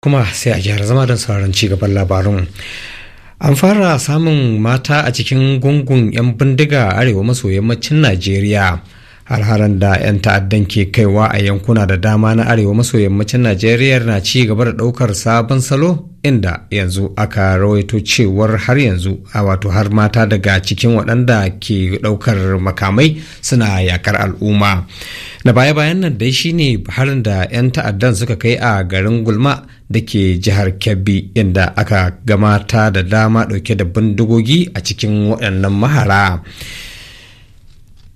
kuma sai a gyara zama don sauraron cigaban labarun an fara samun mata a cikin gungun 'yan bindiga arewa maso yammacin najeriya har da 'yan ta'addan ke kaiwa a yankuna da dama na arewa maso yammacin najeriya na ci gaba da ɗaukar sabon salo inda yanzu aka rawaito cewar har yanzu a wato har mata daga cikin waɗanda ke ɗaukar makamai suna yakar al'umma na baya-bayan nan dai shine harin da 'yan ta'addan suka kai a garin gulma da ke jihar kebbi inda aka gamata da dama ɗauke da bindigogi a cikin waɗannan mahara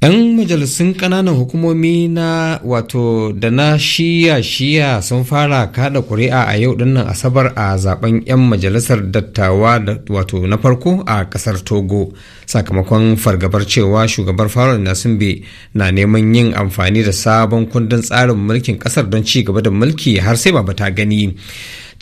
'yan majalisun ƙananan hukumomi na wato da na shiya-shiya sun fara kada ƙuri'a a yau dinnan asabar a zaben 'yan majalisar dattawa da wato na farko a ƙasar togo sakamakon fargabar cewa shugabar faron nasimbe na neman yin amfani da sabon kundin tsarin mulkin ƙasar don ci gaba da mulki har sai ba ta gani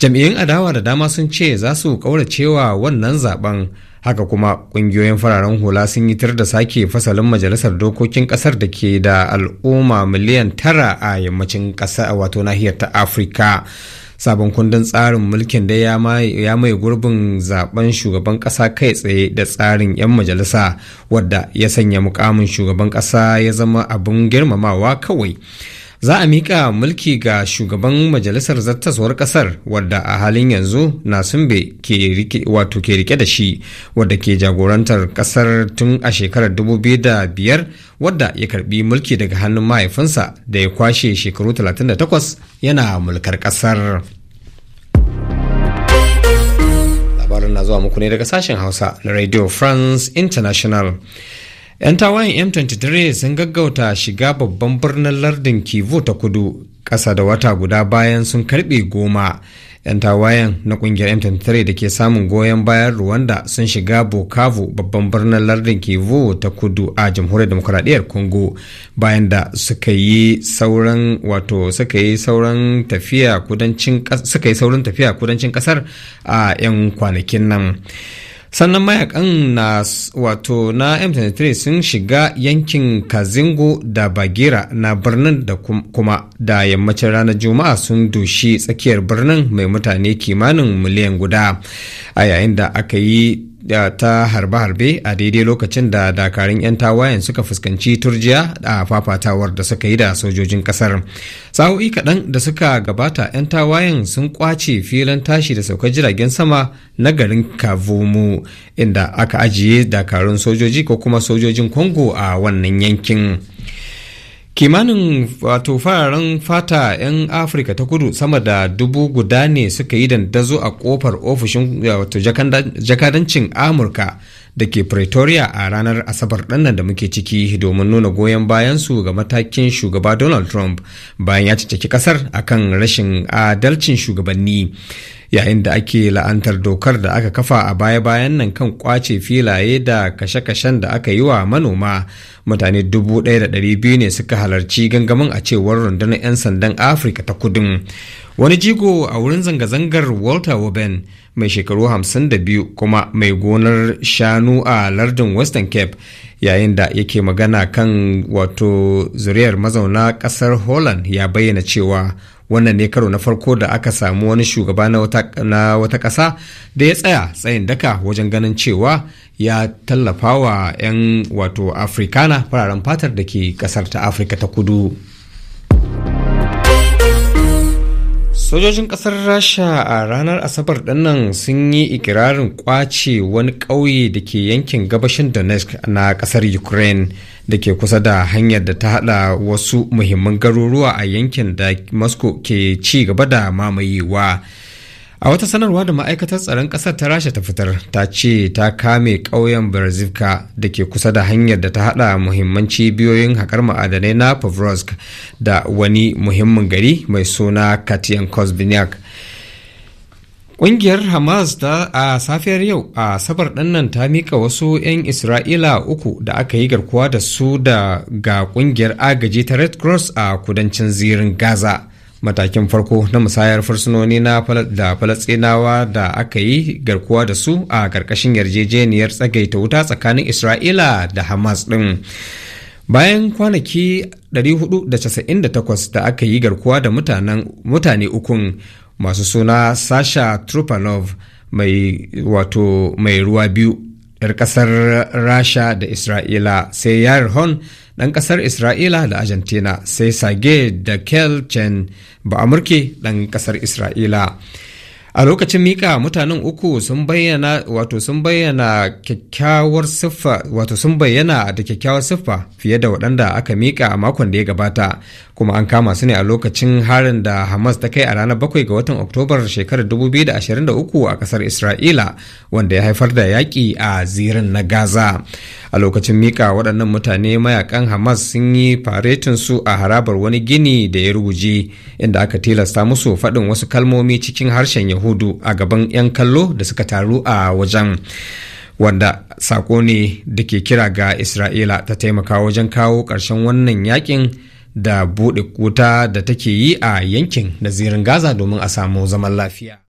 jam'iyyun adawa da dama sun ce za su cewa wannan zaben haka kuma kungiyoyin fararen hula sun yi tar da sake fasalin majalisar dokokin kasar da ke da al'umma miliyan tara a yammacin kasa wato nahiyar ta afirka sabon kundin tsarin mulkin da ya mai gurbin zaben shugaban kasa kai tsaye da tsarin 'yan majalisa wadda ya sanya mukamin shugaban kasa ya zama abin girmamawa kawai za a miƙa mulki ga shugaban majalisar zartaswar ƙasar wadda a halin yanzu na nasimbe wato ke rike da shi wadda ke jagorantar ƙasar tun a shekarar 2005 wadda ya karbi mulki daga hannun mahaifinsa da ya kwashe shekaru 38 yana mulkar ƙasar. labarin na zuwa muku ne daga sashen hausa na radio france international 'Yan tawayen M23 sun gaggauta shiga babban birnin lardin Kivu ta kudu ƙasa da wata guda bayan sun karbe goma. 'Yan tawayen na ƙungiyar M23 da ke samun goyon bayan Rwanda sun shiga Bukavu babban birnin lardin Kivu ta kudu a jamhuriyar demokuraɗiyyar Congo bayan da suka yi sauran wato suka yi sauran tafiya kudancin suka tafiya kudancin ƙasar a 'yan kwanakin nan. sannan mayakan na wato na m23 sun shiga yankin kazingo da bagira na birnin da kuma da yammacin ranar juma'a sun dushi tsakiyar birnin mai mutane kimanin miliyan guda a yayin da aka yi ta harbe-harbe a daidai lokacin da dakarun 'yan tawayen suka fuskanci turjiya a fafatawar da suka yi da sojojin kasar sa'o'i kaɗan da suka gabata 'yan tawayen sun kwace filin tashi da saukar jiragen sama na garin kavumu inda aka ajiye dakarun sojoji ko kuma sojojin kongo a wannan yankin kimanin wato fararen fata 'yan afirka ta kudu sama da dubu guda ne suka yi dandazo a kofar ofishin jakadancin amurka da ke pretoria a ranar asabar ɗannan da muke ciki domin nuna goyon bayansu ga matakin shugaba donald trump bayan ya ƙasar" kasar akan rashin adalcin shugabanni yayin da ake la'antar dokar da aka kafa a baya-bayan nan kan kwace filaye da kashe-kashen da aka yi wa manoma mutane dubu ɗaya da ɗari biyu ne suka halarci gangamin a cewar rundunar 'yan sandan afirka ta kudin wani jigo a wurin zanga-zangar walter woben mai shekaru 52 kuma mai gonar shanu a lardin western cape yayin da yake magana kan wato zuriyar mazauna kasar holland ya bayyana cewa wannan ne karo na farko da aka samu wani shugaba na wata ƙasa da ya tsaya tsayin daka wajen ganin cewa ya tallafa wa 'yan wato afrikana fararen fatar da ke ƙasar ta afirka ta kudu sojojin kasar rasha a ranar asabar ɗannan sun yi ikirarin kwace wani ƙauye da ke yankin gabashin donetsk na ƙasar ukraine da ke kusa da hanyar da ta haɗa wasu muhimman garuruwa a yankin da moscow ke ci gaba da mamayewa. A wata sanarwa da ma'aikatar tsaron ƙasar ta Rasha ta fitar ta ce ta kame ƙauyen Berzivka da ke kusa da hanyar da ta haɗa muhimman cibiyoyin haƙar ma'adanai na Pavrovsk da wani muhimmin gari mai suna Katiyan Kozbinyak. Ƙungiyar Hamas ta a safiyar yau a sabar ɗannan ta miƙa wasu 'yan Isra'ila uku da aka yi garkuwa da su da ga ƙungiyar agaji ta Red Cross a kudancin zirin Gaza. matakin farko na musayar fursunoni na da falasɗinawa da aka yi garkuwa da su a ƙarƙashin yarjejeniyar tsagaita wuta tsakanin isra'ila da hamas ɗin bayan kwanaki 498 da aka yi garkuwa da mutane ukun masu suna sasha trupanov mai wato mai ruwa biyu 'yar ƙasar rasha da isra'ila sai yarhon hon ɗan ƙasar Isra'ila da Argentina sai Sage da Kel Chen ba Amurke ɗan ƙasar Isra'ila. A lokacin mika mutanen uku sun bayyana wato sun bayyana kyakkyawar siffa wato sun bayyana da kyakkyawar siffa fiye da waɗanda aka mika a makon da ya gabata kuma an kama su ne a lokacin harin da Hamas ta kai a ranar bakwai ga watan Oktobar shekarar 2023 a ƙasar Isra'ila wanda ya haifar da yaƙi a zirin na Gaza. a lokacin mika waɗannan mutane mayakan hamas sun yi faretin su a harabar wani gini da ya ruguje inda aka tilasta musu faɗin wasu kalmomi cikin harshen yahudu a gaban 'yan kallo da suka taru a wajen wanda sako ne da ke kira ga isra'ila ta taimaka wajen kawo ƙarshen wannan yakin da buɗe kuta da take yi a yankin da zirin gaza domin a samu zaman lafiya